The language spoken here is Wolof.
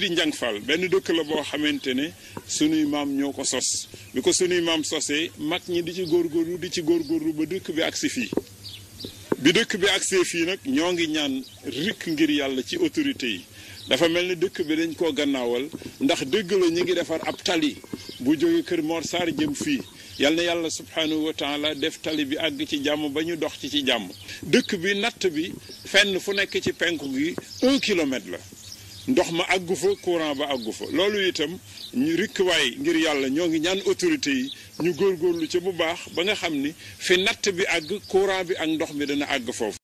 kii di benn dëkk la boo xamante ne sunuy maam ñoo ko sos bi ko sunuy maam sosee mag ñi di ci góor góorgóorlu di ci góor góorgóorlu ba dëkk bi agsi fii bi dëkk bi agsee fii nag ñoo ngi ñaan rikk ngir yàlla ci autorité yi dafa mel ni dëkk bi dañ koo gannaawal ndax dëgg la ñu ngi defar ab tali bu jóge kër Mor Sarr jëm fii yal na yàlla subhanahu wa taala def tali bi àgg ci jàmm ba ñu dox ci ci jàmm dëkk bi natt bi fenn fu nekk ci penku gi un kilomètre la ndox ma àggu fa courant ba aggu fa loolu itam ñu waay ngir yàlla ñoo ngi ñaan autorités yi ñu góorgóorlu ca bu baax ba nga xam ni fi natt bi ak courant bi ak ndox mi dana àgg foofu